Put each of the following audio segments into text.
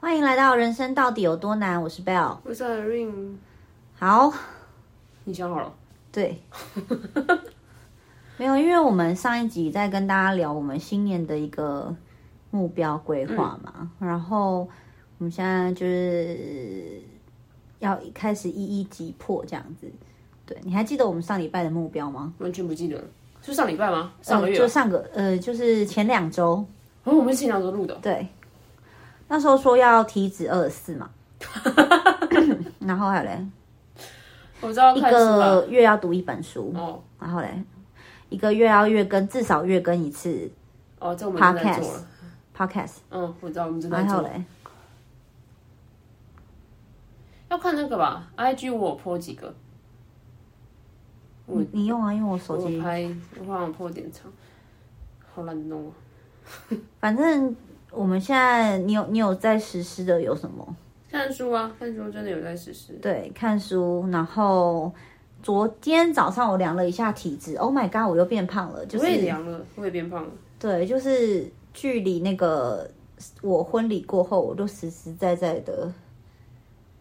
歡迎來到人生到底有多難？我是 Bell 我是 Ring 好，你想好了？對， 沒有，因為我們上一集在跟大家聊我們新年的一個目標規劃嘛，嗯、然後我們現在就是要開始一一擊破這樣子。對，你還記得我們上禮拜的目標嗎？完全不記得了，是上禮拜嗎？上個月、啊呃，就上個呃，就是前兩周。哦，我們前兩周錄的、嗯。對。那時候說要體脂24嘛， 然後還有嘞，我知道一個月要讀一本書，然後嘞，一個月要月更，至少月更一次哦，這我們正在做了，podcast 嗯，我知道我們正在、在做，然後嘞，要看那個吧，IG 我潑幾個，我你、你用啊，用我手機我拍，我怕我潑點長，好難弄啊，反正。我們現在，你有你有在實施的有什麼？看書啊，看書真的有在實施。對，看書。然後昨天早上我量了一下體脂，Oh my god，我又變胖了。就是、我也量了，我也變胖了。對，就是距離那個我婚禮過後，我都實實在在的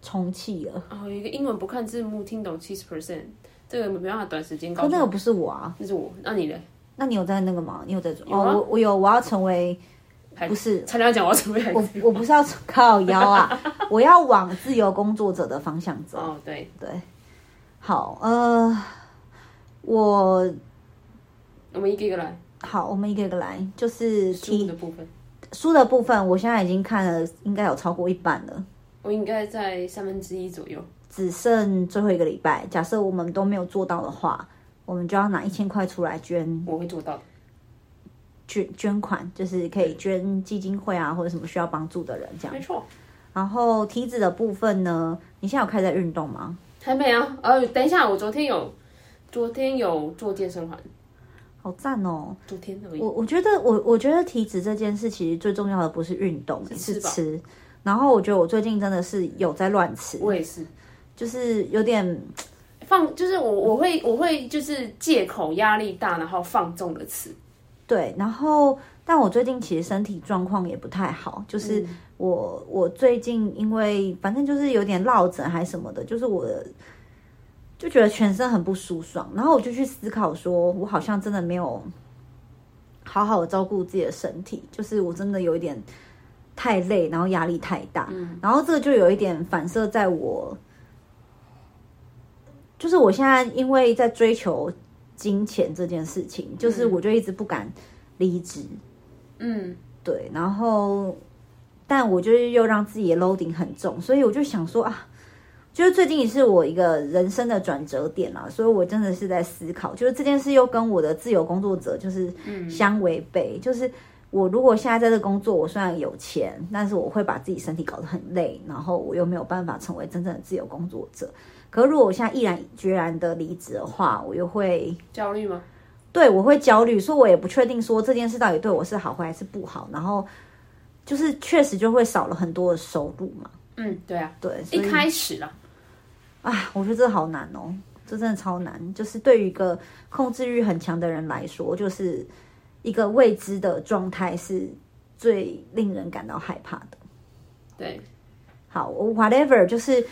充氣了。哦，一個英文不看字幕聽懂七十 percent，這個沒辦法短時間搞。那個不是我啊，那是我。那你呢？那你有在那個嗎？你有在做？啊、哦，我我有，我要成為。加不是，差點講我怎麼我我不是要靠腰啊， 我要往自由工作者的方向走。哦、oh, 對，對對，好，呃，我我們一個一個來。好，我們一個一個來，就是書的部分，書的部分，我現在已經看了，應該有超過一半了。我應該在三分之一左右，只剩最後一個禮拜。假設我們都沒有做到的話，我們就要拿一千塊出來捐。我會做到。捐捐款，就是可以捐基金會啊，或者什麼需要幫助的人這樣。沒錯。然後體脂的部分呢？你現在有開始在運動嗎？還沒有、啊。呃，等一下，我昨天有，昨天有做健身環，好讚哦。昨天我我覺得我我覺得體脂這件事其實最重要的不是運動，是吃，是吃。然後我覺得我最近真的是有在亂吃。我也是。就是有點放，就是我我會、嗯、我會就是借口壓力大，然後放縱的吃。對，然後但我最近其實身體狀況也不太好，就是我、嗯、我最近因為反正就是有點落枕還什麼的，就是我就覺得全身很不舒爽，然後我就去思考說，說我好像真的沒有好好的照顧自己的身體，就是我真的有一點太累，然後壓力太大，嗯、然後這個就有一點反射在我，就是我現在因為在追求。金錢這件事情，就是我就一直不敢離職。嗯，對，然後，但我就是又讓自己的 loading 很重，所以我就想說啊，就是最近也是我一個人生的轉折點啦，所以我真的是在思考，就是這件事又跟我的自由工作者就是相違背，嗯、就是我如果現在在這工作，我雖然有錢，但是我會把自己身體搞得很累，然後我又沒有辦法成為真正的自由工作者。如果我現在毅然決然的離職的話，我又會焦慮嗎？對，我會焦慮，所以我也不確定說這件事到底對我是好還是不好。然後就是確實就會少了很多的收入嘛。嗯，對啊，對。一開始了，啊，我覺得這好難哦、喔，這真的超難。就是對於一個控制慾很強的人來說，就是一個未知的狀態是最令人感到害怕的。對，好，whatever，就是。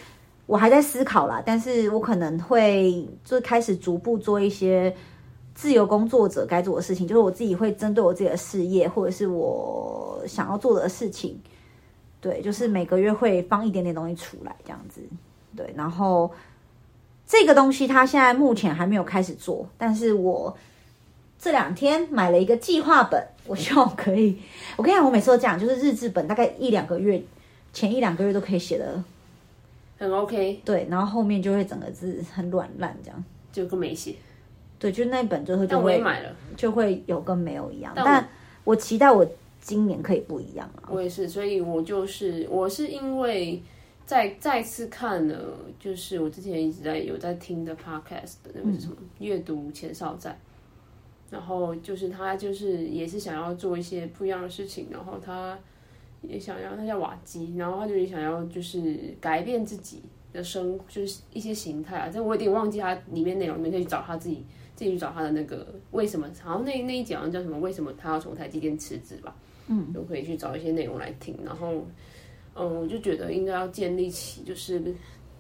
我還在思考啦，但是我可能會就是開始逐步做一些自由工作者該做的事情，就是我自己會針對我自己的事業或者是我想要做的事情，對，就是每個月會放一點點東西出來這樣子，對，然後這個東西它現在目前還沒有開始做，但是我這兩天買了一個計劃本，我希望可以。我跟你講，我每次都講，就是日誌本，大概一兩個月前一兩個月都可以寫的。很 OK，對，然後後面就會整個字很軟爛這樣，就跟沒寫。對，就那本最後就會買了，就會有跟沒有一樣。但我，但我期待我今年可以不一樣啊！我也是，所以我就是我是因為再再次看了，就是我之前一直在有在聽的 Podcast 那個是什麼閱、嗯、哼讀前哨站，然後就是他就是也是想要做一些不一樣的事情，然後他。也想要，他叫瓦基，然後他就也想要，就是改變自己的生，就是一些形態啊。但我有點忘記他裡面內容，你可以找他自己，自己去找他的那個為什麼。然後那那一集好像叫什麼？為什麼他要從台積電辭職吧？嗯，就可以去找一些內容來聽。然後，嗯，我就覺得應該要建立起，就是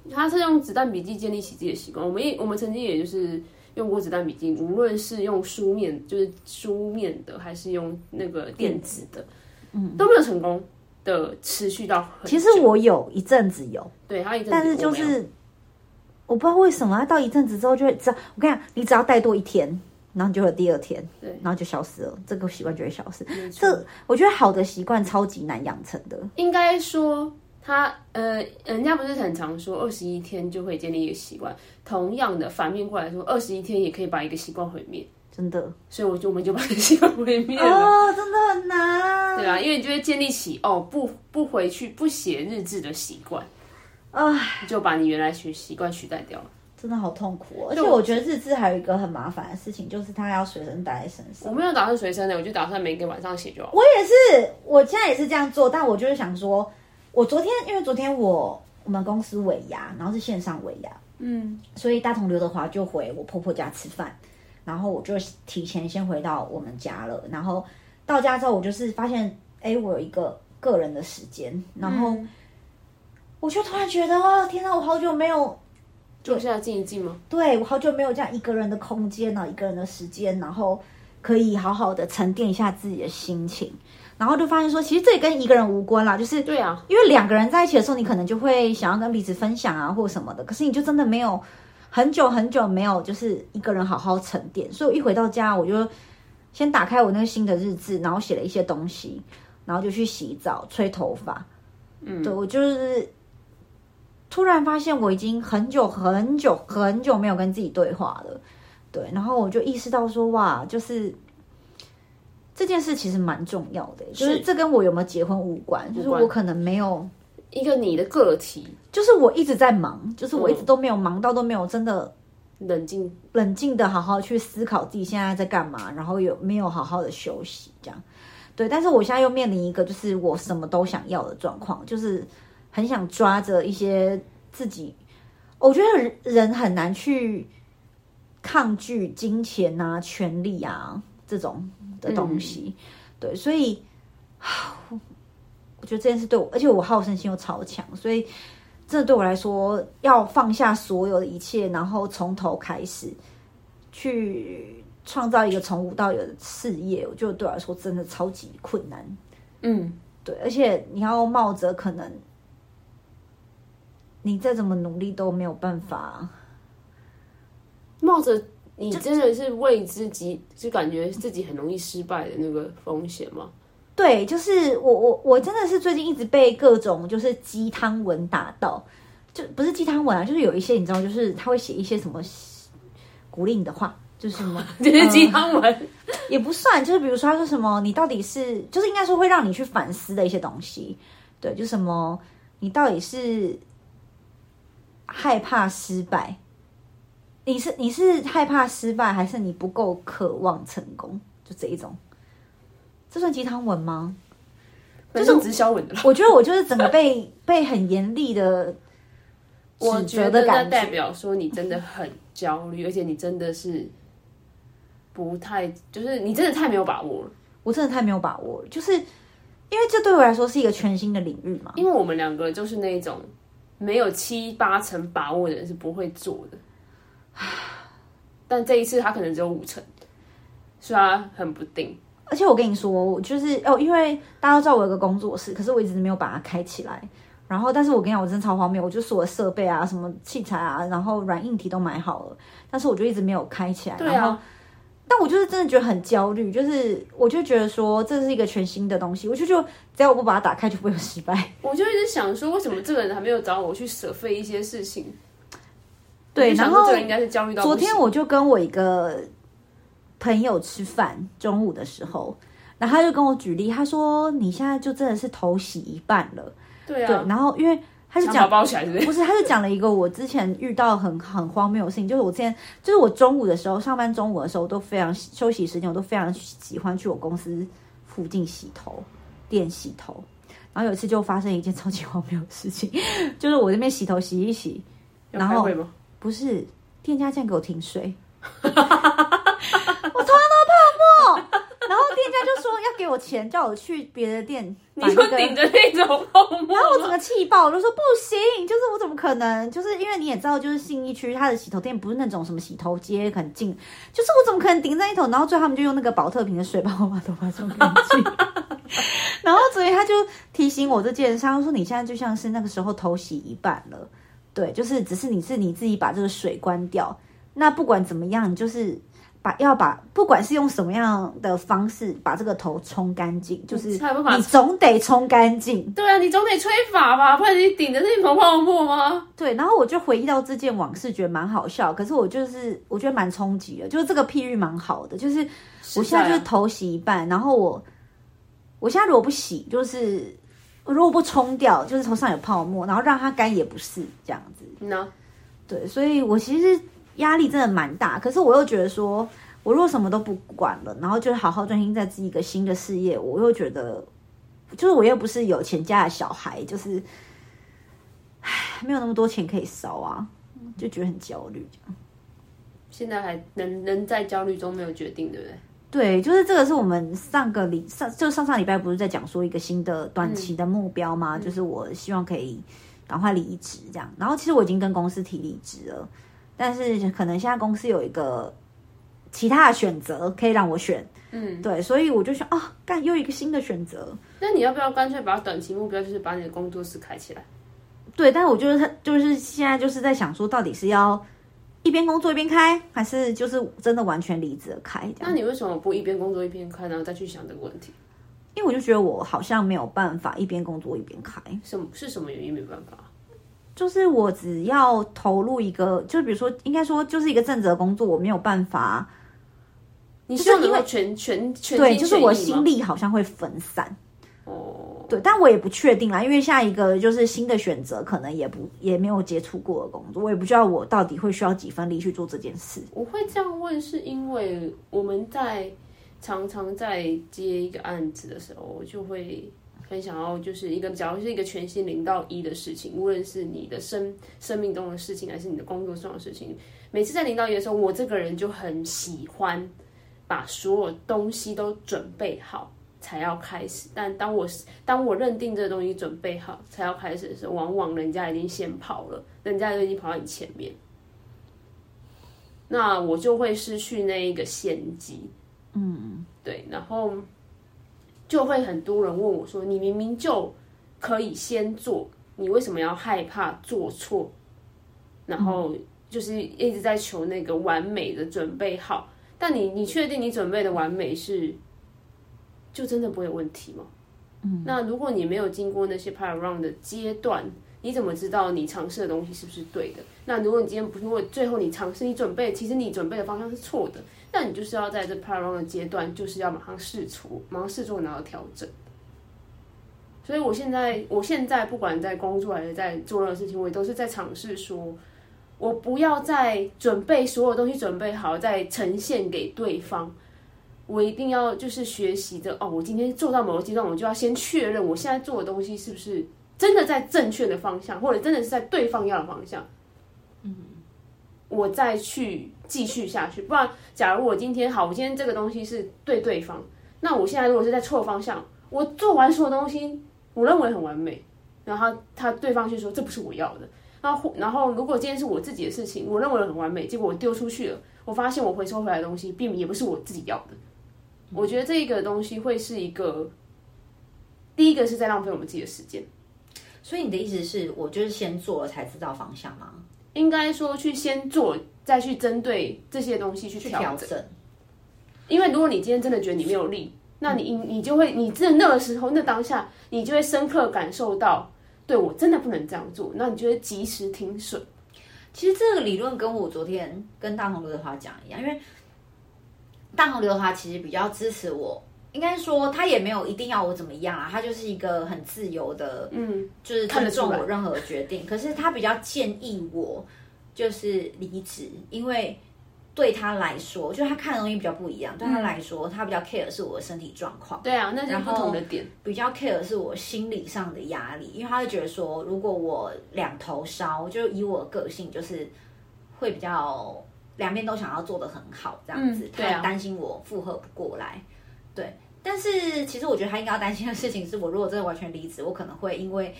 他是用子彈筆記建立起自己的習慣。我們也我們曾經也就是用過子彈筆記，無論是用書面，就是書面的，還是用那個電子的，嗯，嗯都沒有成功。的持續到很，其實我有一陣子有，對，他一陣子有有，但是就是我不知道為什麼啊，他到一陣子之後就會，知。我跟你講，你只要待多一天，然後你就有第二天，對，然後就消失了，這個習慣就會消失。沒錯。這我覺得好的習慣超級難養成的，應該說他呃，人家不是很常說二十一天就會建立一個習慣，同樣的反面過來說二十一天也可以把一個習慣毀滅。真的，所以我就我們就把這寫灰滅面。哦，oh, 真的很難。對啊，因為你就會建立起哦，不不回去不寫日誌的習慣，哎，oh, 就把你原來習習慣取代掉了。真的好痛苦哦、喔。就而且我覺得日誌還有一個很麻煩的事情，就是它要隨身帶在身上。我沒有打算隨身的、欸，我就打算每天晚上寫就好了。我也是，我現在也是這樣做，但我就是想說，我昨天因為昨天我我們公司尾牙，然後是線上尾牙，嗯，所以大同劉德華就回我婆婆家吃飯。然後我就提前先回到我們家了。然後到家之後，我就是發現，哎，我有一個個人的時間。嗯、然後我就突然覺得，哦、天啊，我好久沒有坐下靜一靜嗎？對，我好久沒有這樣一個人的空間了，一個人的時間，然後可以好好的沉澱一下自己的心情。然後就發現說，其實這也跟一個人無關啦，就是對啊，因為兩個人在一起的時候，你可能就會想要跟彼此分享啊，或什麼的。可是你就真的沒有。很久很久沒有，就是一個人好好沉澱，所以我一回到家，我就先打開我那個新的日誌，然後寫了一些東西，然後就去洗澡、吹頭髮。嗯，對，我就是突然發現，我已經很久很久很久沒有跟自己對話了。對，然後我就意識到說，哇，就是這件事其實蠻重要的欸，是，就是這跟我有沒有結婚無關，無關，就是我可能沒有。一個你的個體，就是我一直在忙，就是我一直都沒有忙到，都沒有真的冷靜、冷靜的好好去思考自己現在在幹嘛，然後有沒有好好的休息，這樣對。但是我現在又面臨一個，就是我什麼都想要的狀況，就是很想抓着一些自己，我覺得人很難去抗拒金錢啊、權力啊這種的東西，嗯、對，所以。就這件事對我，而且我好勝心又超強，所以這對我來說，要放下所有的一切，然後從頭開始去創造一個從無到有的事業，我覺得對我來說真的超級困難。嗯，對，而且你要冒着可能你再怎麼努力都沒有辦法、啊，冒着你真的是為自己，就感覺自己很容易失敗的那個風險嗎？嗯嗯對，就是我我我真的是最近一直被各種就是雞湯文打到，就不是雞湯文啊，就是有一些你知道，就是他會寫一些什麼鼓勵你的話，就是什麼就是雞湯文，嗯，也不算，就是比如說他說什麼，你到底是就是應該說會讓你去反思的一些東西，對，就什麼你到底是害怕失敗，你是你是害怕失敗，還是你不夠渴望成功，就這一種。這算雞湯文嗎？這算直銷文的，我覺得我就是整個被 被很嚴厲的，我覺得那代表說你真的很焦慮， 而且你真的是不太，就是你真的太沒有把握了。我真的太沒有把握了，就是因為這對我來說是一個全新的領域嘛。因為我們兩個就是那種沒有七八成把握的人是不會做的， 但這一次他可能只有五成，所以他很不定。而且我跟你說，我就是哦，因為大家都知道我有一個工作室，可是我一直沒有把它開起來。然後，但是我跟你講，我真的超荒謬，我就說我設備啊、什麼器材啊，然後軟硬體都買好了，但是我就一直沒有開起來。對啊然後。但我就是真的覺得很焦慮，就是我就覺得說這是一個全新的東西，我就就只要我不把它打開，就不會有失敗。我就一直想說，為什麼這個人還沒有找我去舍費一些事情？ 對，然後這個應該是焦慮到。昨天我就跟我一個。朋友吃飯，中午的時候，然後他就跟我舉例，他說：“你現在就真的是頭洗一半了。”對啊對，然後因為他就講不，不是，他就講了一個我之前遇到很很荒謬的事情，就是我之前就是我中午的時候， 上班中午的時候我都非常休息時間，我都非常喜歡去我公司附近洗頭店洗頭。然後有一次就發生一件超級荒謬的事情，就是我這邊洗頭洗一洗，然後不是店家竟然給我停水。 我頭上都泡沫，然後店家就說要給我錢，叫我去別的店。你就頂着那種泡沫，然後我整個氣爆，我就說不行，就是我怎麼可能？就是因為你也知道，就是信義區它的洗頭店不是那種什麼洗頭街很近，就是我怎麼可能頂在一頭？然後最後他們就用那個寶特瓶的水把我把頭髮沖乾淨，然後所以他就提醒我這件事，他說，你現在就像是那個時候頭洗一半了，對，就是只是你是你自己把這個水關掉，那不管怎麼樣，就是。把要把不管是用什麼樣的方式把這個頭沖乾淨，嗯、就是你總得沖乾淨。對啊，你總得吹髮吧，不然你頂着那頭泡沫嗎？對，然後我就回憶到這件往事，覺得蠻好笑。可是我就是我覺得蠻衝擊的，就是這個譬喻蠻好的。就是，是我現在就是頭洗一半，然後我我現在如果不洗，就是如果不沖掉，就是頭上有泡沫，然後讓它乾也不是這樣子。你呢？對，所以我其實。壓力真的蠻大，可是我又覺得說，我若什麼都不管了，然後就好好專心在自己一個新的事業，我又覺得，就是我又不是有錢家的小孩，就是，唉，沒有那麼多錢可以燒啊，就覺得很焦慮。現在還能能在焦慮中沒有決定，對不對？對，就是這個是我們上個禮上就上上禮拜不是在講說一個新的短期的目標嗎？嗯，就是我希望可以趕快離職這樣，然後其實我已經跟公司提離職了。但是可能現在公司有一個其他的選擇可以讓我選，嗯，對，所以我就想啊，幹、哦、又一個新的選擇。那你要不要乾脆把短期目標就是把你的工作室開起來？對，但是我就是他，就是現在就是在想說，到底是要一邊工作一邊開，還是就是真的完全離職開？那你為什麼不一邊工作一邊開，然後再去想這個問題？因為我就覺得我好像沒有辦法一邊工作一邊開，什麼是什麼原因沒辦法？就是我只要投入一個，就比如說，應該說，就是一個正職工作，我沒有辦法。你就是因為全全全對，就是我心力好像會分散。哦，對，但我也不確定啦，因為下一個就是新的選擇，可能也不也沒有接觸過的工作，我也不知道我到底會需要幾分力去做這件事。我會這樣問，是因為我們在常常在接一個案子的時候，就會。很想要，就是一個假如是一個全新零到一的事情，無論是你的生生命中的事情，還是你的工作上的事情。每次在零到一的時候，我這個人就很喜歡把所有東西都準備好才要開始。但當我當我認定這個東西準備好才要開始的時候，往往人家已經先跑了，人家就已經跑到你前面，那我就會失去那一個先機。嗯，對，然後。就會很多人問我說，你明明就可以先做，你為什麼要害怕做錯？然後就是一直在求那個完美的準備好，但你你確定你準備的完美是，就真的不會有問題嗎？嗯，那如果你沒有經過那些爬 round 的階段。你怎麼知道你嘗試的東西是不是對的？那如果你今天不，如果最後你嘗試，你準備，其實你準備的方向是錯的，那你就是要在這 parallel 的階段，就是要馬上試錯，馬上試錯，然後調整。所以我現在，我現在不管在工作還是在做任何事情，我也都是在嘗試說，我不要再準備所有東西準備好再呈現給對方。我一定要就是學習著哦，我今天做到某個階段，我就要先確認我現在做的東西是不是，真的在正確的方向，或者真的是在對方要的方向，嗯，我再去繼續下去。不然，假如我今天好，我今天這個東西是對對方，那我現在如果是在錯方向，我做完所有東西，我認為很完美，然後他，他對方卻說，這不是我要的。那然、然後如果今天是我自己的事情，我認為很完美，結果我丟出去了，我發現我回收回來的東西並也不是我自己要的。嗯，我覺得這一個東西會是一個，第一個是在浪費我們自己的時間。所以你的意思是，我就是先做了才知道方向嗎？應該說去先做，再去針對這些東西去調整。整因為如果你今天真的覺得你沒有力，是那你你就會，你在那個時候，那當下，你就會深刻感受到，對，我真的不能這樣做，那你就會及時停損。其實這個理論跟我昨天跟大紅劉德華講一樣，因為大紅劉德華其實比較支持我。應該說他也沒有一定要我怎麼樣啊，他就是一個很自由的，嗯，就是尊重我任何決定。可是他比較建議我就是離職，因為對他來說，就是他看的東西比較不一樣。嗯、對他來說，他比較 care 是我的身體狀況、嗯。對啊，那是不同的點。比較 care 是我心理上的壓力，因為他會覺得說，如果我兩頭燒，就以我個性，就是會比較兩邊都想要做得很好，這樣子。嗯啊、他也擔心我負荷不過來，對。但是，其實我覺得他應該要擔心的事情是，我如果真的完全離職，我可能會因為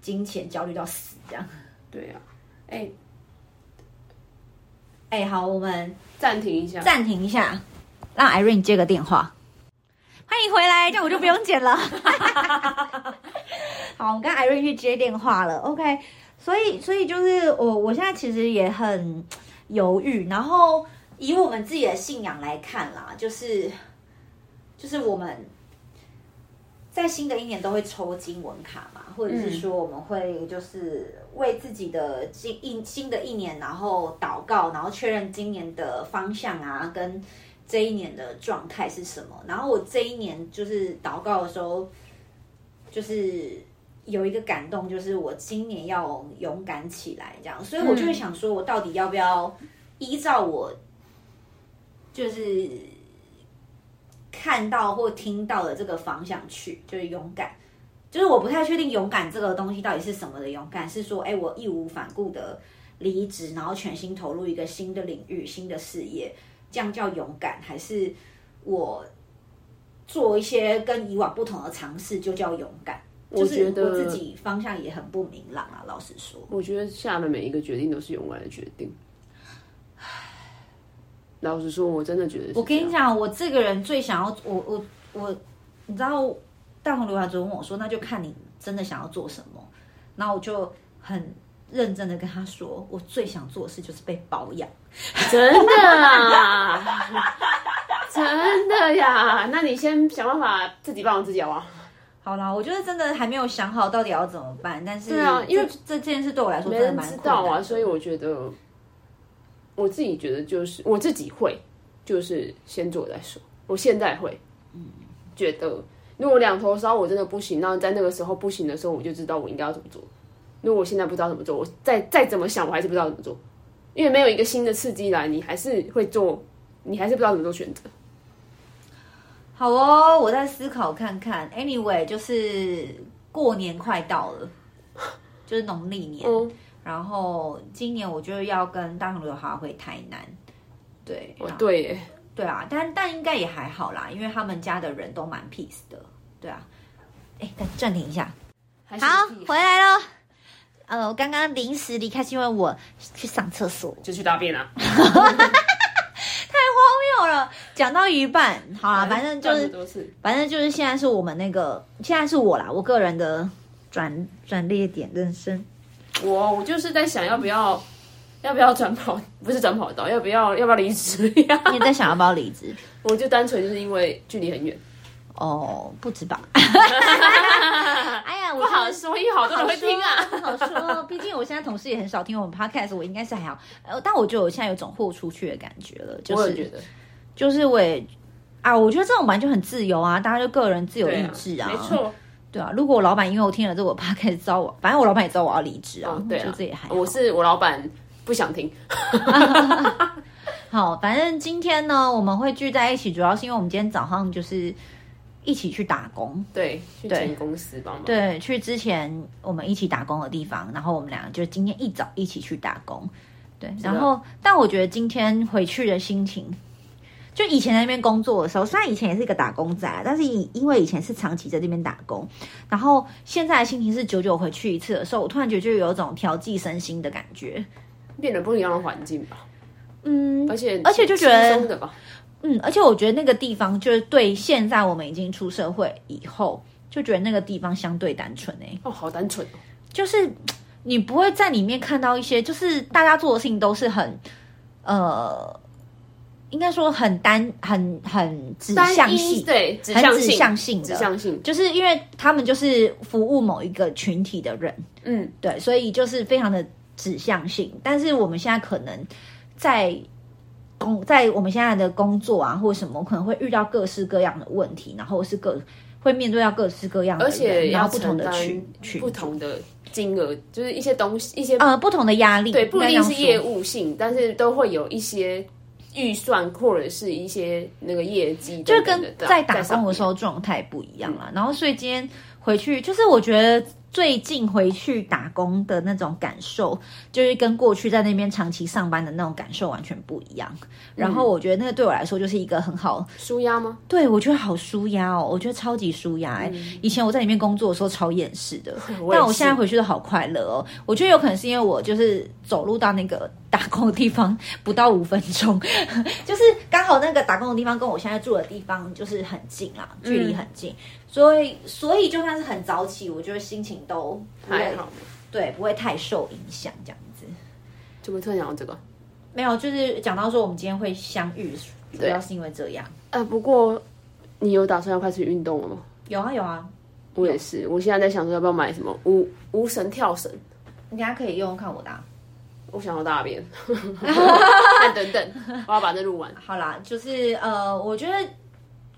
金錢焦慮到死這樣。對呀、啊，哎、欸，哎、欸，好，我們暫停一下，暫停一下，讓 Irene 接個電話。歡迎回來，這樣我就不用剪了。 好，我跟 Irene 去接電話了。OK，所以，所以就是我，我現在其實也很猶豫。然後，以我們自己的信仰來看啦，就是。就是我們在新的一年都會抽經文卡嘛，或者是說我們會就是為自己的經一新的一年，然後禱告，然後確認今年的方向啊，跟這一年的狀態是什麼。然後我這一年就是禱告的時候，就是有一個感動，就是我今年要勇敢起來，這樣。所以我就會想說，我到底要不要依照我就是。看到或聽到的這個方向去，就是勇敢。就是我不太確定勇敢這個東西到底是什麼的勇敢，是說，哎，我義無反顧的離職，然後全心投入一個新的領域、新的事業，這樣叫勇敢？還是我做一些跟以往不同的嘗試就叫勇敢？我覺得我自己方向也很不明朗啊，老實說。我覺得下的每一個決定都是勇敢的決定。老實說，我真的覺得。我跟你講，我這個人最想要，我我我，你知道，大紅劉海總問我說，那就看你真的想要做什麼。然後我就很認真的跟他說，我最想做的事就是被保養。真的呀、啊， 真的呀、啊？那你先想辦法自己幫我自己好不好？好啦，我覺得真的還沒有想好到底要怎麼辦。但是、啊，因為這,這件事對我來說真的蠻困難的。道啊，所以我覺得。我自己覺得就是我自己會，就是先做再說。我現在會，覺得如果兩頭燒我真的不行，那在那個時候不行的時候，我就知道我應該要怎麼做。如果我現在不知道怎麼做，我再再怎麼想，我還是不知道怎麼做，因為沒有一個新的刺激來，你還是會做，你還是不知道怎麼做選擇。好哦，我再思考看看。Anyway，就是過年快到了，就是農曆年。Oh. 然後今年我就要跟大雄的花回台南，對，哦、對，對啊，但但應該也還好啦，因為他們家的人都蠻 peace 的，對啊。哎，但暫停一下，好，回來了。呃，我剛剛臨時離開是因為我去上廁所，就去大便啊， 太荒謬了。講到一半，好了，反正，反正就是，反正就是現在是我們那個，現在是我啦，我個人的轉轉捩點人生。真我我就是在想要不要，要不要轉跑，不是轉跑道，要不要要不要離職呀？你 在想要不要離職？ 我就單純就是因為距離很遠。哦，oh, 不止吧？ 哎呀，我就是、不好說，因為好多人會聽啊，不好說、啊。好說啊、畢竟我現在同事也很少聽我們 podcast， 我應該是還好。呃，但我就現在有種豁出去的感覺了，就是，覺得就是我也啊，我覺得這種本來就很自由啊，大家就個人自由意志啊，啊，沒錯。對啊，如果我老闆因為我聽了之後，我怕開始招我，反正我老闆也知道我要離職啊，就、哦啊、這還我是我老闆不想聽。 好，反正今天呢，我們會聚在一起，主要是因為我們今天早上就是一起去打工，對，對，去前公司幫忙。對，去之前我們一起打工的地方，然後我們倆就今天一早一起去打工，對，的然後但我覺得今天回去的心情，就以前在那邊工作的時候，雖然以前也是一個打工仔，但是以因為以前是長期在那邊打工，然後現在的心情是久久回去一次的時候，我突然覺得就有一種調劑身心的感覺，變得不一樣的環境吧。嗯，而且而且就覺得，的吧，嗯，而且我覺得那個地方就是對現在我們已經出社會以後，就覺得那個地方相對單純欸。哦，好單純哦，就是你不會在裡面看到一些，就是大家做的事情都是很呃。應該說很單，很很指向性，對，指向性指向性，就是因為他們就是服務某一個群體的人，嗯，對，所以就是非常的指向性。但是我們現在可能在工、嗯，在我們現在的工作啊，或什麼可能會遇到各式各樣的問題，然後是各會面對到各式各樣的人，而且要然後不同的群，群不同的金額，就是一些東西，一些呃不同的壓力，對，不一定是業務性，但是都會有一些。預算或者是一些那個業績，就跟在打工的時候狀態不一樣了。然後所以今天回去，就是我覺得。最近回去打工的那種感受，就是跟過去在那邊長期上班的那種感受完全不一樣。嗯、然後我覺得那個對我來說就是一個很好舒壓嗎？對，我覺得好舒壓哦，我覺得超級舒壓哎、欸。嗯、以前我在裡面工作的時候超厭世的，我但我現在回去都好快樂哦。我覺得有可能是因為我就是走路到那個打工的地方不到五分鐘， 就是剛好那個打工的地方跟我現在住的地方就是很近啊，距離很近。嗯所以，所以就算是很早起，我覺得心情都還好了，對，不會太受影響，這樣子。就不會特想到這個？沒有，就是講到說我們今天會相遇，主要是因為這樣。呃，不過你有打算要開始運動了嗎？有啊，有啊。我也是，有我現在在想說要不要買什麼無無繩跳繩，你等下可以用。看我的、啊，我想要大便。哈 哎、等等，我要把這錄完。 好啦，就是呃，我覺得。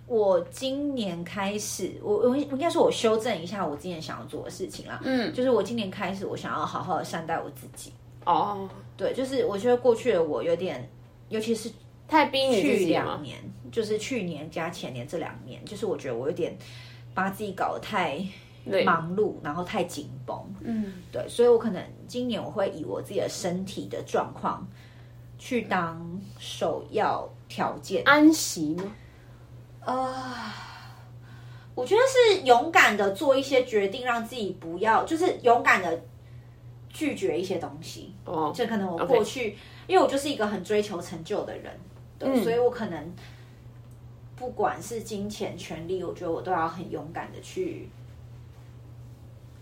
我今年開始，我我應該說，我修正一下我今年想要做的事情啦。嗯，就是我今年開始，我想要好好的善待我自己。哦，對，就是我覺得過去的我有點，尤其是去太逼自己。兩年，就是去年加前年這兩年，就是我覺得我有點把自己搞得太忙碌，對然後太緊繃。嗯，對，所以我可能今年我會以我自己的身體的狀況去當首要條件，安息嗎？啊，uh, 我覺得是勇敢的做一些決定，讓自己不要就是勇敢的拒絕一些東西。哦，這可能我過去，okay. 因為我就是一個很追求成就的人，對，嗯、所以我可能不管是金錢、權力，我覺得我都要很勇敢的去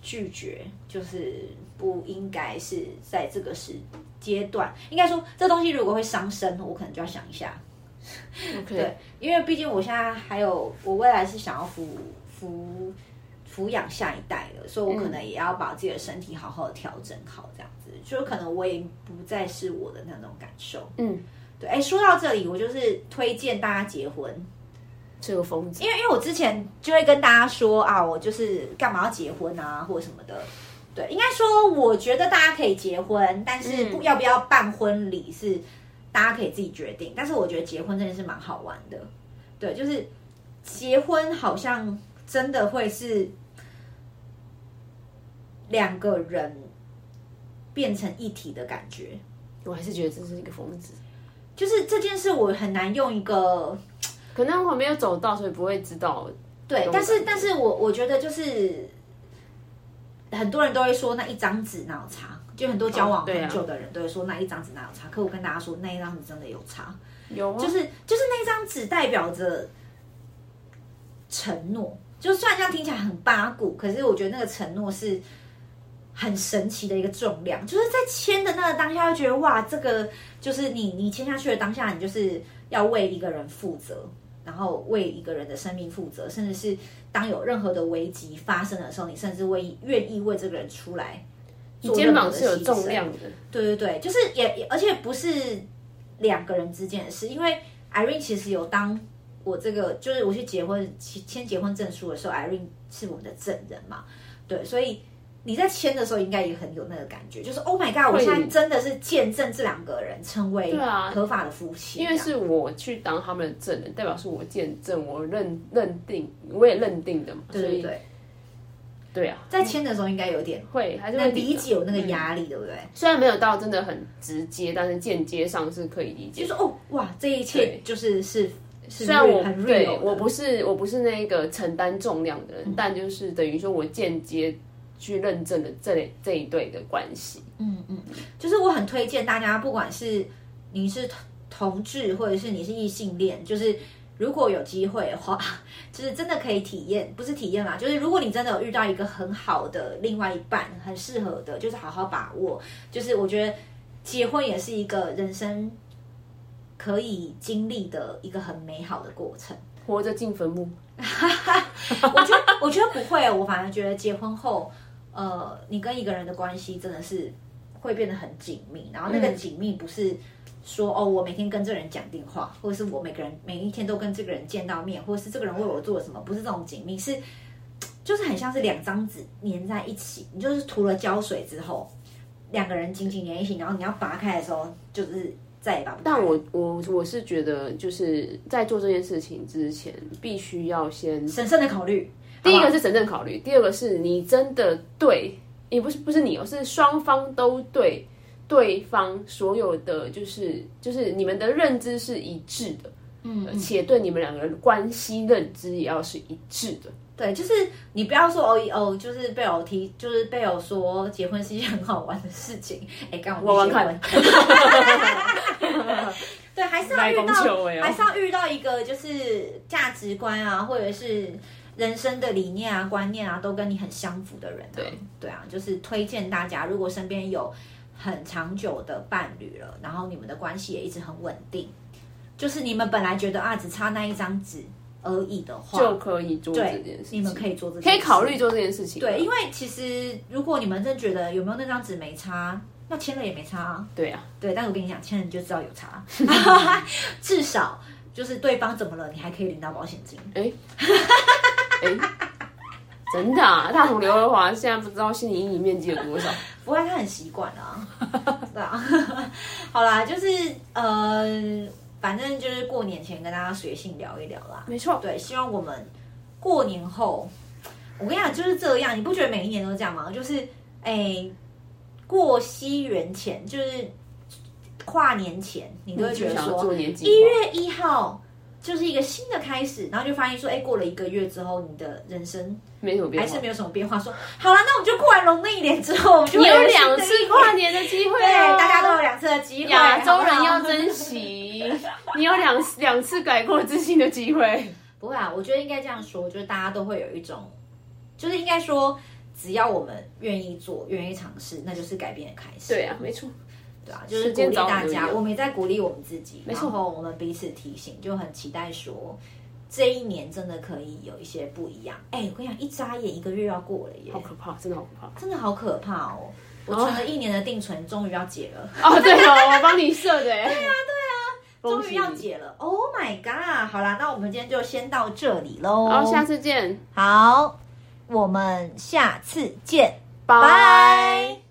拒絕，就是不應該是在這個時階段。應該說，這東西如果會傷身，我可能就要想一下。Okay. 對，因為畢竟我現在還有，我未來是想要撫撫撫養下一代的，所以我可能也要把自己的身體好好的調整好，這樣子，嗯、就是可能我也不再是我的那種感受，嗯，對。哎，說到這裡，我就是推薦大家結婚這個風景，因為因為我之前就會跟大家說啊，我就是幹嘛要結婚啊，或者什麼的，對，應該說我覺得大家可以結婚，但是不、嗯、要不要辦婚禮是。大家可以自己決定，但是我覺得結婚這件事蠻好玩的。對，就是結婚好像真的會是兩個人變成一體的感覺。我還是覺得這是一個瘋子。就是這件事，我很難用一個，可能我沒有走到，所以不會知道。對，但是，但是我我覺得就是很多人都會說那一張紙哪有差。就很多交往很久的人，Oh, 啊、都會說那一張紙哪有差？可我跟大家說那一張紙真的有差，有、哦、就是就是那一張紙代表着承諾。就算這樣聽起來很八股，可是我覺得那個承諾是很神奇的一個重量。就是在簽的那個當下，就覺得哇，這個就是你你簽下去的當下，你就是要為一個人負責，然後為一個人的生命負責，甚至是當有任何的危機發生的時候，你甚至會願意為這個人出來。肩膀是有重量的，對對對，就是也也，而且不是兩個人之間的事，因為 Irene 其實有當我這個，就是我去結婚，簽結婚證書的時候，Irene 是我們的證人嘛，對，所以你在簽的時候應該也很有那個感覺，就是 Oh my God，對，我現在真的是見證這兩個人成為合法的夫妻，對啊，因為是我去當他們的證人，代表是我見證，我認認定，我也認定的嘛，所以。對對對對啊，在簽的時候應該有點、嗯、會，還是會理解我那個壓力，嗯、對不對？雖然沒有到真的很直接，但是間接上是可以理解。就說、是、哦，哇，這一切就是對是日雖然我很對我不是我不是那個承擔重量的人，嗯、但就是等於說我間接去認證了這這一對的關係。嗯嗯，就是我很推薦大家，不管是你是同志或者是你是異性戀，就是。如果有機會的話，就是真的可以體驗，不是體驗啦，就是如果你真的有遇到一個很好的另外一半，很適合的，就是好好把握。就是我覺得結婚也是一個人生可以經歷的一個很美好的過程。活着進墳墓？ 我覺得我覺得不會、哦，我反而覺得結婚後，呃，你跟一個人的關係真的是。會變得很緊密，然後那個緊密不是說、嗯、哦，我每天跟這個人講電話，或者是我每個人每一天都跟這個人見到面，或者是這個人為我做什麼，不是這種緊密，是就是很像是兩張紙粘在一起，你就是塗了膠水之後，兩個人緊緊粘一起，然後你要拔開的時候，就是再也拔不。但我我我是覺得，就是在做這件事情之前，必須要先審慎的考慮。第一個是審慎考慮，嗎第二個是你真的對。也、欸、不是不是你哦，是雙方都對對方所有的就是就是你們的認知是一致的，嗯，嗯，而且對你們兩個人的關係認知也要是一致的。對，就是你不要說哦哦，就是被我提，就是被我說結婚是一件很好玩的事情。哎、欸，剛好我我玩快完。對，還是要遇到還是要遇到一個就是價值觀啊，或者是。人生的理念啊、觀念啊，都跟你很相符的人、啊。對對啊，就是推薦大家，如果身邊有很長久的伴侶了，然後你們的關係也一直很穩定，就是你們本來覺得啊，只差那一張紙而已的話，就可以做這件事情。你們可以做這件事，可以考慮做這件事情。對，因為其實如果你們真覺得有沒有那張紙沒差，那簽了也沒差、啊。對啊，對，但是我跟你講，簽了你就知道有差。 至少就是對方怎麼了，你還可以領到保險金。哎、欸。 哎， 真的啊！大同劉德華現在不知道心理陰影面積有多少。不過他很習慣啊，對 是啊。 好啦，就是呃，反正就是過年前跟大家隨性聊一聊啦。沒錯，對，希望我們過年後，我跟你講就是這樣，你不覺得每一年都這樣嗎？就是哎，過西元前就是跨年前，嗯、你都會覺得說一月一號。就是一個新的開始，然後就發現說，哎，過了一個月之後，你的人生沒有什麼，沒什麼變，還是沒有什麼變化。說好了，那我們就過完龍年一年之後，我們就有你有兩次跨年的機會，哦，大家都有兩次的機會，亞洲人要珍惜。好好 你有兩兩次改過自新的機會，不會啊？我覺得應該這樣說，就是大家都會有一種，就是應該說，只要我們願意做，願意嘗試，那就是改變的開始。對啊，沒錯。對啊，就是鼓勵大家，我們也在鼓勵我們自己，然後我們彼此提醒，就很期待說這一年真的可以有一些不一樣。哎、欸，我跟你講，一眨眼一個月要過了耶，好可怕，真的好可怕，真的好可怕哦！我存了一年的定存，哦、終於要解了。哦，對哦，我幫你設的耶。 對啊，對啊，恭喜終於要解了。Oh my god！好啦，那我們今天就先到這裡嘍，好，下次見。好，我們下次見，拜 Bye。